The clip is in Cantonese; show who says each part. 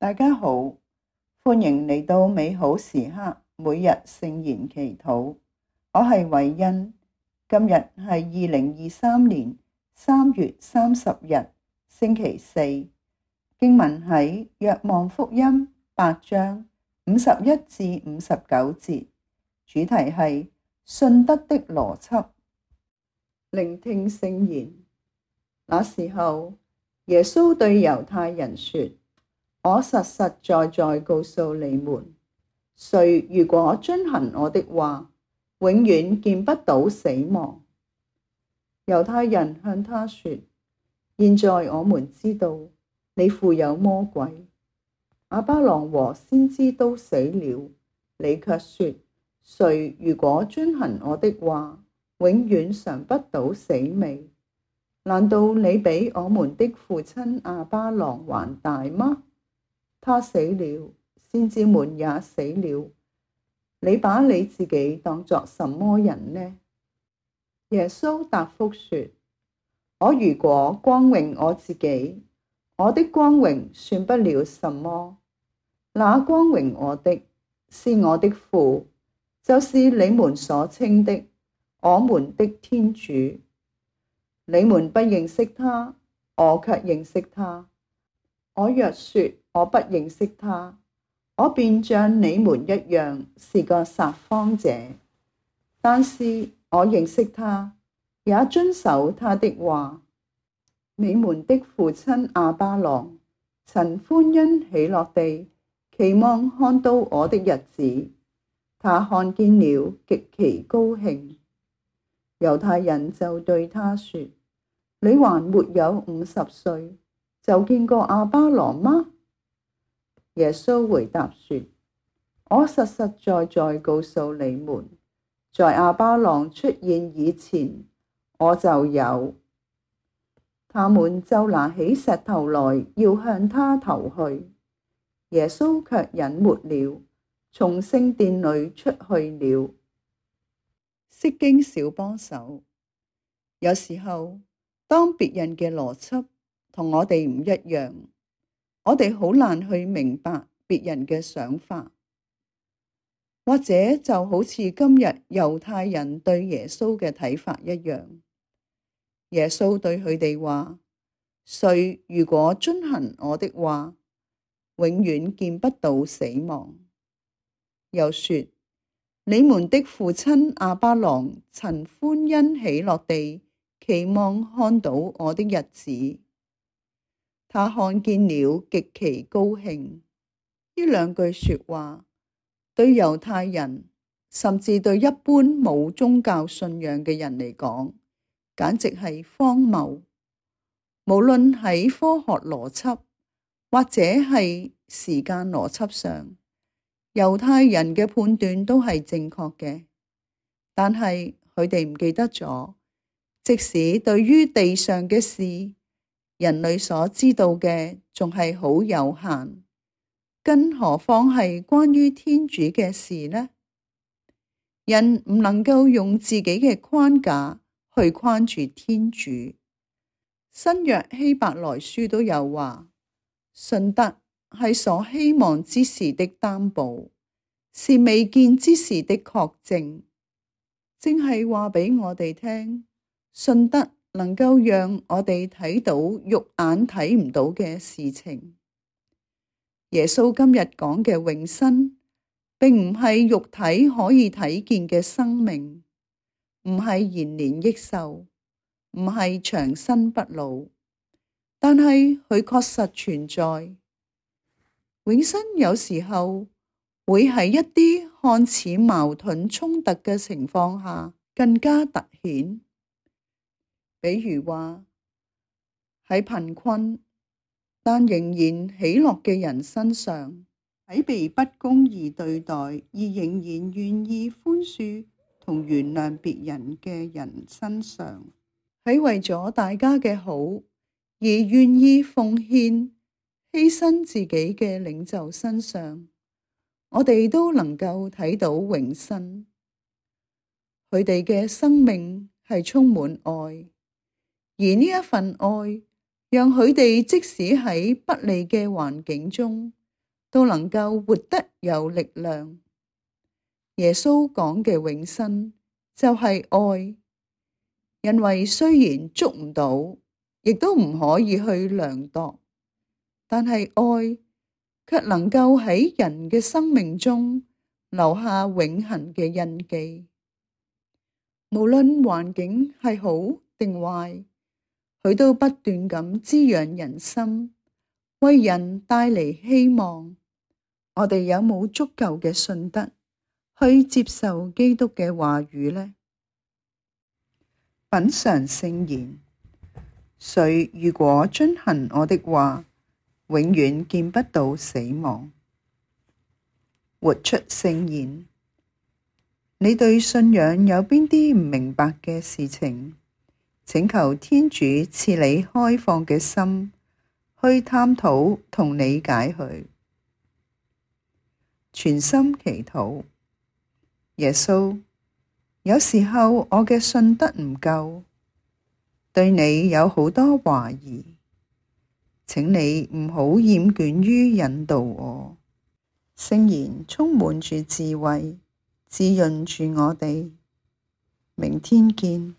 Speaker 1: 大家好，歡迎嚟到美好時刻，每日聖言祈禱。我係偉恩，今日係二零二三年三月三十日星期四。經文喺《若望福音》八章五十一至五十九節，主題係信德的邏輯。聆聽聖言，那時候耶穌對猶太人說。我實實在在告訴你們，誰如果遵行我的話，永遠見不到死亡。猶太人向他說：現在我們知道你附有魔鬼，亞巴郎和先知都死了，你卻說，誰如果遵行我的話，永遠嚐不到死味。難道你比我們的父親亞巴郎還大嗎？他死了，先知們也死了。你把你自己當作什麼人呢？耶穌答復說：我如果光榮我自己，我的光榮算不了什麼。那光榮我的，是我的父，就是你們所稱的我們的天主。你們不認識他，我卻認識他。我若說我不認識他，我便像你們一樣是個撒謊者；但是我認識他，也遵守他的話。你們的父親亞巴郎曾歡欣喜樂地，企望看到我的日子，他看見了，極其高興。猶太人就對他說：你還沒有五十歲。就見過亞巴郎嗎？耶穌回答說：我實實在在告訴你們，在亞巴郎出現以前，我就有。他們就拿起石頭來要向他投去，耶穌卻隱沒了，從聖殿裏出去了。釋經小幫手，有時候當別人嘅邏輯，同我哋唔一樣，我哋好難去明白別人嘅想法，或者就好似今日猶太人對耶穌嘅睇法一樣。耶穌對佢哋話：誰如果遵行我的話，永遠見不到死亡。又說：你們的父親阿巴郎曾歡欣喜樂地，期望看到我的日子。他看見了，極其高興。呢兩句說話，對猶太人甚至對一般冇宗教信仰嘅人嚟講，簡直係荒謬。無論喺科學邏輯或者係時間邏輯上，猶太人嘅判斷都係正確嘅。但係佢哋唔記得咗，即使對於地上嘅事。人類所知道嘅仲係好有限，更何況係關於天主嘅事呢？人唔能夠用自己嘅框架去框住天主。新約希伯來書都有話，信德係所希望之事的擔保，是未見之事的確證，正係話俾我哋聽，信德，能夠讓我哋睇到肉眼睇唔到嘅事情，耶穌今日講嘅永生，並唔係肉體可以睇見嘅生命，唔係延年益壽，唔係長生不老，但係佢確實存在。永生有時候會喺一啲看似矛盾衝突嘅情況下，更加突顯。比如話喺貧困但仍然喜樂嘅人身上，喺被不公義對待而仍然願意寬恕同原諒別人嘅人身上，喺為咗大家嘅好而願意奉獻犧牲自己嘅領袖身上，我哋都能夠睇到永生。佢哋嘅生命係充滿愛。而呢一份愛，讓佢哋即使喺不利嘅環境中，都能夠活得有力量。耶穌講嘅永生就係愛，因為雖然捉唔到，亦都唔可以去量度，但係愛卻能夠喺人嘅生命中留下永恆嘅印記。無論環境係好定壞。佢都不斷咁滋養人心，為人帶嚟希望。我哋有冇足夠嘅信德去接受基督嘅話語呢？品嚐聖言，誰如果遵行我的話，永遠見不到死亡。活出聖言。你對信仰有邊啲唔明白嘅事情？請求天主賜你開放嘅心，去探討同理解佢，全心祈禱。耶穌，有時候我嘅信德唔夠，對祢有好多懷疑，請祢唔好厭倦於引導我。聖言充滿住智慧，滋潤住我哋。明天見。